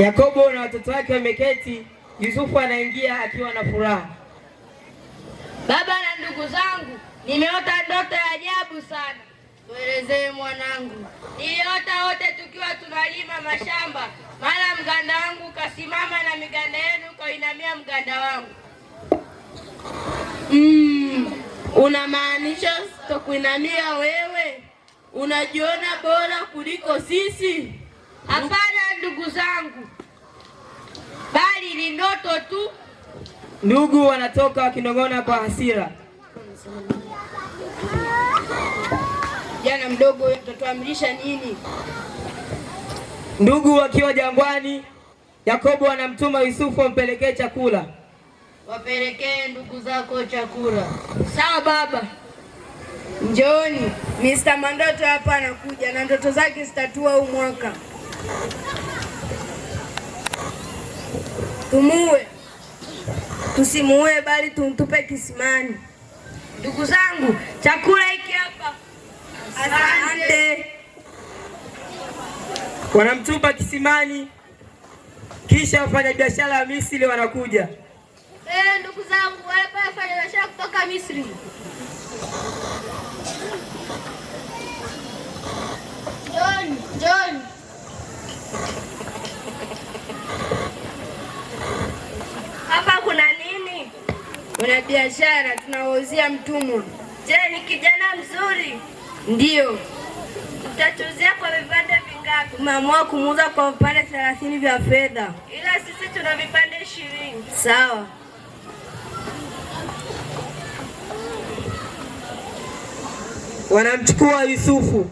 Yakobo na watoto wake wameketi, Yusufu anaingia akiwa na furaha. Baba na ndugu zangu, nimeota ndoto ya ajabu sana. Tuelezee mwanangu. Niliota wote tukiwa tunalima mashamba, mara mganda wangu ukasimama na miganda yenu ukainamia mganda wangu. Mm, unamaanisha kuinamia wewe? Unajiona bora kuliko sisi? Hapana ndugu zangu, bali ni ndoto tu. Ndugu wanatoka wakinong'ona kwa hasira. Jana mdogo utatuamrisha nini? Ndugu wakiwa jangwani, Yakobo anamtuma Yusufu wampelekee chakula. Wapelekee ndugu zako chakula. Sawa baba. Njooni, Mr. mandoto hapa anakuja na ndoto zake zitatua huu mwaka. Tumue tusimuue, bali tumtupe kisimani. Ndugu zangu, chakula hiki hapa. Asante. Wanamtupa kisimani, kisha wafanyabiashara wa Misri wanakuja. Eh, ndugu zangu, wale pale wafanya biashara kutoka Misri John, John. Hapa kuna nini? Kuna biashara tunawauzia mtumwa. Je, ni kijana mzuri? ndio Tutachuzia kwa vipande vingapi? umeamua kumuuza kwa vipande thelathini vya fedha, ila sisi tuna vipande ishirini. Sawa. Wanamchukua Yusufu.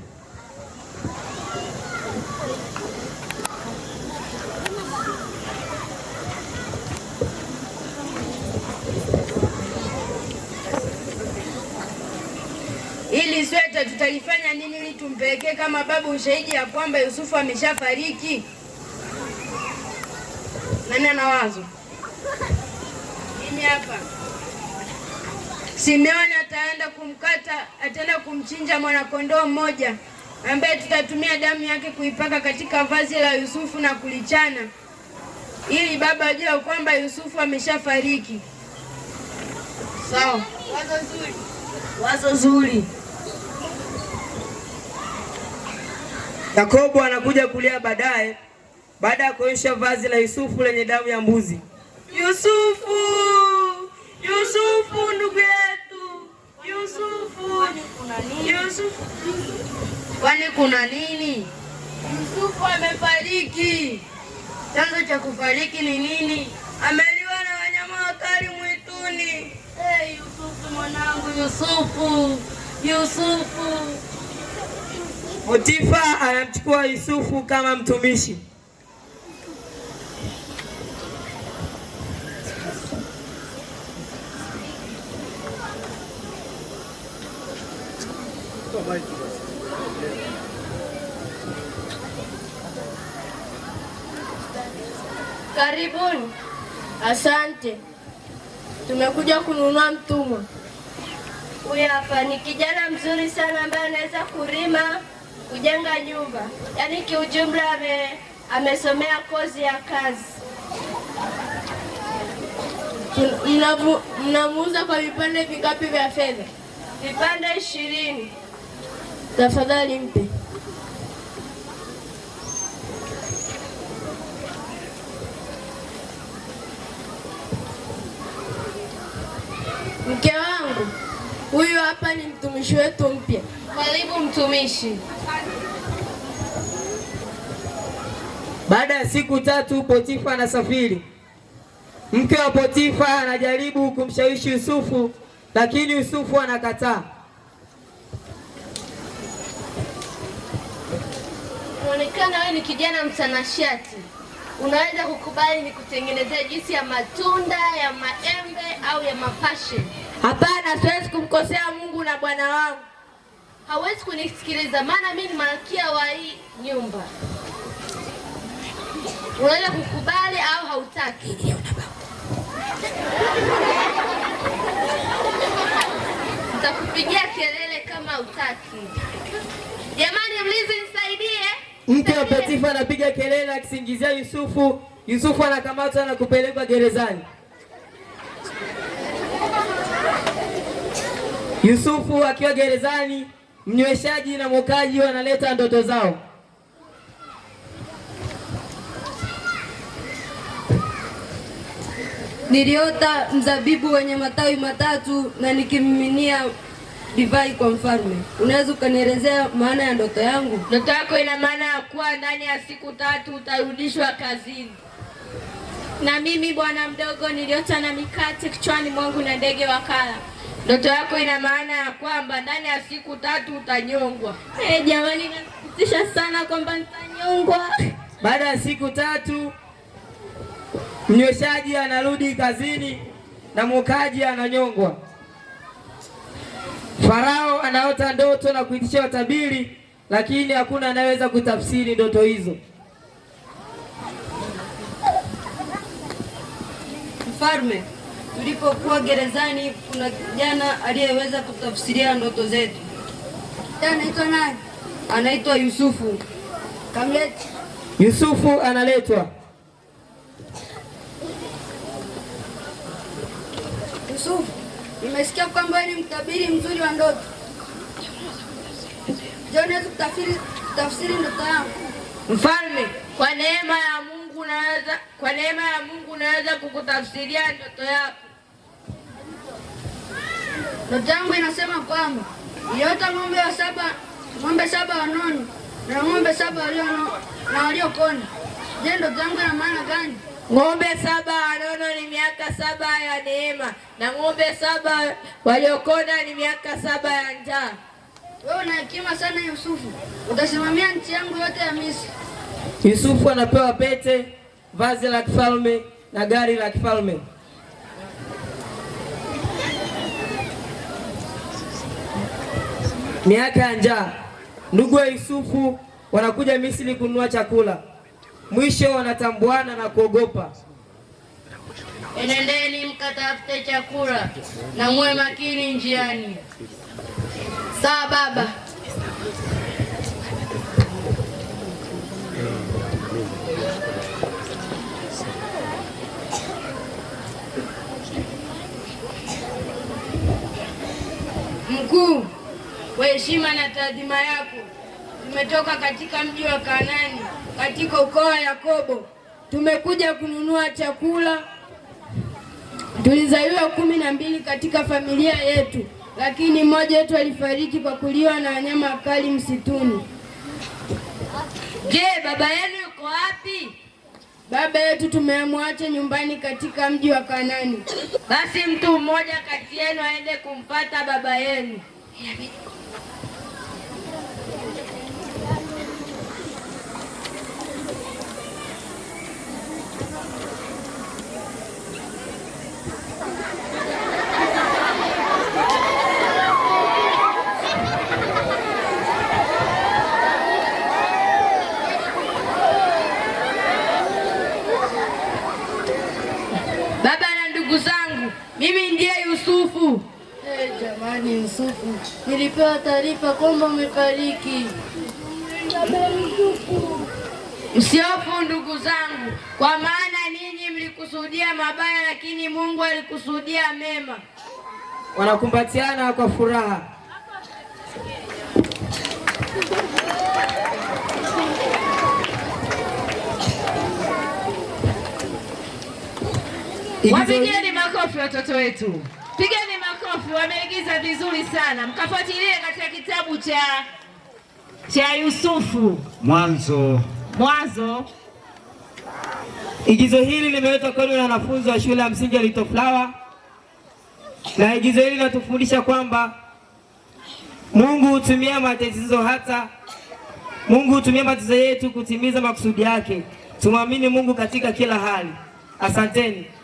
tutalifanya nini ili tumpelekee kama babu ushahidi ya kwamba Yusufu ameshafariki? Nani ana wazo? Mimi hapa. Simeoni ataenda kumkata, ataenda kumchinja mwanakondoo mmoja ambaye tutatumia damu yake kuipaka katika vazi la Yusufu na kulichana ili baba ajue kwamba Yusufu ameshafariki. Sawa, wazo zuri, wazo zuri. Yakobo anakuja kulia baadaye baada ya kuonyesha vazi la Yusufu lenye damu ya mbuzi. Yusufu, Yusufu ndugu yetu Yusufu, Yusufu, kwani kuna nini? Yusufu amefariki. Chanzo cha kufariki ni nini? Ameliwa na wanyama wakali mwituni. Hey, Yusufu mwanangu, Yusufu, Yusufu Potifa anamchukua Yusufu kama mtumishi. Karibuni. Asante. Tumekuja kununua mtumwa. Huyu hapa ni kijana mzuri sana ambaye anaweza kurima kujenga nyumba. Yaani kiujumla ame, amesomea kozi ya kazi. Mnamuuza kwa vipande vingapi vya fedha? Vipande ishirini. Tafadhali mpe. Mke wangu huyu hapa ni mtumishi wetu mpya. Karibu mtumishi. Baada ya siku tatu Potifa anasafiri. Mke wa Potifa anajaribu kumshawishi Yusufu, lakini Yusufu anakataa. Unaonekana wewe ni kijana mtanashati, unaweza kukubali kutengenezea juisi ya matunda ya maembe au ya mapashe? Hapana, siwezi kumkosea Mungu na Bwana wangu. Hawezi kunisikiliza, maana mimi ni malkia wa hii nyumba unaweza kukubali au hautaki. Nitakupigia kelele kama hautaki. Jamani, mlizi nisaidie. Mke wa Patifa anapiga kelele akisingizia Yusufu. Yusufu anakamatwa na kupelekwa gerezani. Yusufu akiwa gerezani, mnyweshaji na mwokaji wanaleta ndoto zao. Niliota mzabibu wenye matawi matatu na nikimiminia divai kwa mfalme. Unaweza ukanielezea maana ya ndoto yangu? Ndoto yako ina maana ya kuwa ndani ya siku tatu utarudishwa kazini. Na mimi bwana mdogo, niliota na mikate kichwani mwangu na ndege wakala. Ndoto yako ina maana ya kwamba ndani ya siku tatu utanyongwa. Hey, eh, jamani, inasikitisha sana kwamba nitanyongwa baada ya siku tatu Mnyweshaji anarudi kazini na mwokaji ananyongwa. Farao anaota ndoto na kuitisha watabiri, lakini hakuna anayeweza kutafsiri ndoto hizo. Mfalme, tulipokuwa gerezani kuna kijana aliyeweza kutafsiria ndoto zetu. Anaitwa nani? Anaitwa Yusufu. Kamlete. Yusufu analetwa Yusufu, nimesikia kwamba ni mtabiri mzuri wa ndoto. Je, tutafiri tafsiri ndoto yangu? Mfalme, kwa neema ya Mungu naweza, kwa neema ya Mungu naweza kukutafsiria ndoto yako. Ndoto yangu inasema kwamba niliota ng'ombe wa saba, ng'ombe saba wanono na ng'ombe saba walio na waliokona. Je, ndoto yangu ina maana gani? Ng'ombe saba wanono ni miaka saba ya neema, na ng'ombe saba waliokonda ni miaka saba ya njaa. Wewe una hekima sana Yusufu, utasimamia nchi yangu yote ya Misri. Yusufu anapewa pete, vazi la kifalme na gari la kifalme. Miaka ya njaa, ndugu wa Yusufu wanakuja Misri kununua chakula mwisho wanatambuana na kuogopa. Enendeni mkatafute chakula na muwe makini njiani. Sawa baba. Mkuu, kwa heshima na taadhima yako, tumetoka katika mji wa Kanani katika ukoo wa Yakobo. Tumekuja kununua chakula. Tulizaliwa kumi na mbili katika familia yetu, lakini mmoja wetu alifariki kwa kuliwa na wanyama wakali msituni. Je, baba yenu yuko wapi? Baba yetu tumemwacha nyumbani katika mji wa Kanani. Basi mtu mmoja kati yenu aende kumpata baba yenu. nilipewa taarifa kwamba umefariki. Msiofu ndugu zangu, kwa maana ninyi mlikusudia mabaya, lakini Mungu alikusudia mema. Wanakumbatiana kwa furaha. Wapigeni makofi watoto wetu, pigeni makofi, wameigiza vizuri sana. Mkafuatilie katika kitabu cha cha Yusufu Mwanzo. Mwanzo. Igizo hili limeletwa kwenu na wanafunzi wa shule ya msingi ya Little Flower, na igizo hili linatufundisha kwamba Mungu hutumia matatizo hata Mungu hutumia matatizo yetu kutimiza makusudi yake. Tumwamini Mungu katika kila hali. Asanteni.